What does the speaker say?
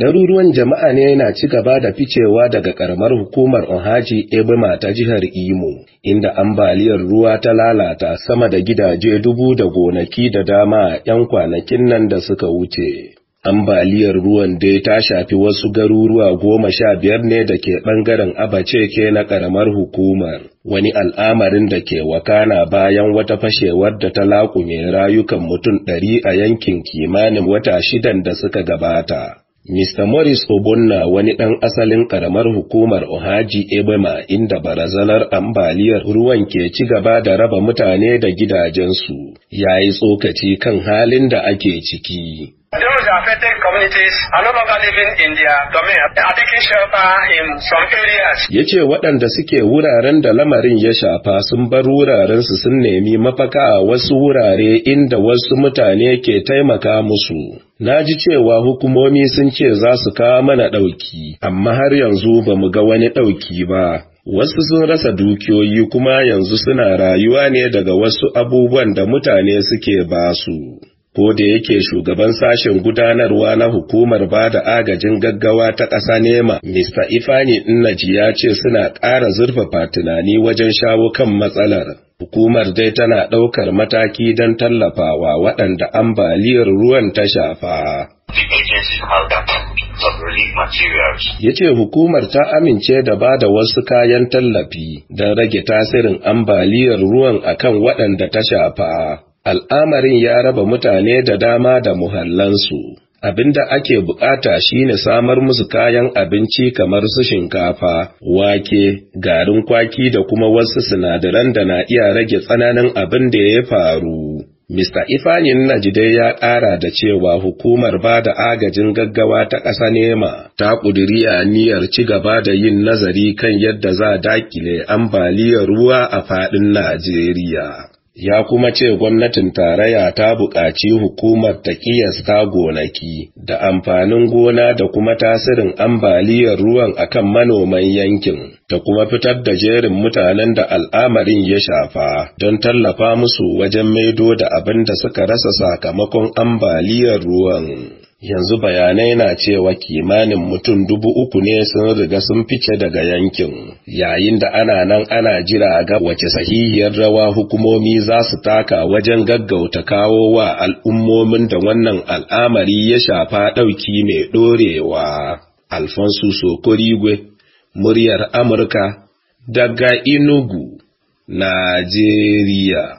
Daruruwan jama'a ne na ci gaba da ficewa daga karamar hukumar Onhaji Ebima ta jihar Imo, inda ambaliyar ruwa ta lalata sama da gidaje dubu da gonaki da dama a 'yan kwanakin nan da suka wuce. Ambaliyar ruwan dai ta shafi wasu garuruwa goma sha biyar ne da ke ɓangaren ke na ƙaramar hukumar, wani al'amarin da ke wakana bayan wata fashewar da ta laƙume rayukan mutum ɗari a yankin kimanin wata shidan da suka gabata. Mr. Morris Obunna wani ɗan asalin ƙaramar hukumar Ohaji Ebema inda barazanar ambaliyar ruwan ke ci gaba da raba mutane da gidajensu ya yi tsokaci kan halin da ake ciki. Those Ya ce waɗanda suke wuraren da lamarin ya shafa sun bar wuraren su sun nemi mafaka a wasu wurare inda wasu mutane ke taimaka musu. Na ji cewa hukumomi sun ce za su kawo mana ɗauki, amma har yanzu ba mu ga wani ɗauki ba. Wasu sun rasa dukiyoyi kuma yanzu suna rayuwa ne daga wasu abubuwan da mutane suke ba su. Ko da yake shugaban sashen gudanarwa na hukumar ba da agajin gaggawa ta ƙasa nema, Mr. Ifani Nnaji ya ce suna ƙara zurfafa tunani wajen shawo kan matsalar. Hukumar dai tana ɗaukar mataki don tallafawa waɗanda ambaliyar ruwan ta shafa. Ya ce hukumar ta amince da ba da wasu kayan tallafi don rage tasirin ambaliyar ruwan akan waɗanda ta shafa. Al'amarin ya raba mutane da dama da muhallansu. Abin da ake bukata shine samar musu kayan abinci kamar su shinkafa, wake, garin kwaki da kuma wasu sinadaran da na iya rage tsananin abin da ya faru. Mr. Ifanin Najide ya ƙara da cewa hukumar ba da agajin gaggawa ta ƙasa nema ta ƙudiri aniyar ci gaba da yin nazari kan yadda za daƙile ambaliyar ruwa a faɗin Najeriya. ya kuma ce gwamnatin tarayya ta buƙaci hukumar ta ƙiyasta gonaki da amfanin gona da kuma tasirin ambaliyar ruwan akan manoman yankin ta kuma fitar da jerin mutanen da al'amarin ya shafa don tallafa musu wajen maido da abin da suka rasa sakamakon ambaliyar ruwan. yanzu bayanai na cewa kimanin mutum dubu uku ne sun riga sun fice daga yankin yayin da ana nan ana jira ga wace sahihiyar rawa hukumomi za su taka wajen gaggauta kawo wa al'ummomin da wannan al'amari ya shafa ɗauki mai ɗorewa. Alfonso Sokorigwe, muryar Amurka, daga Inugu, Najeriya.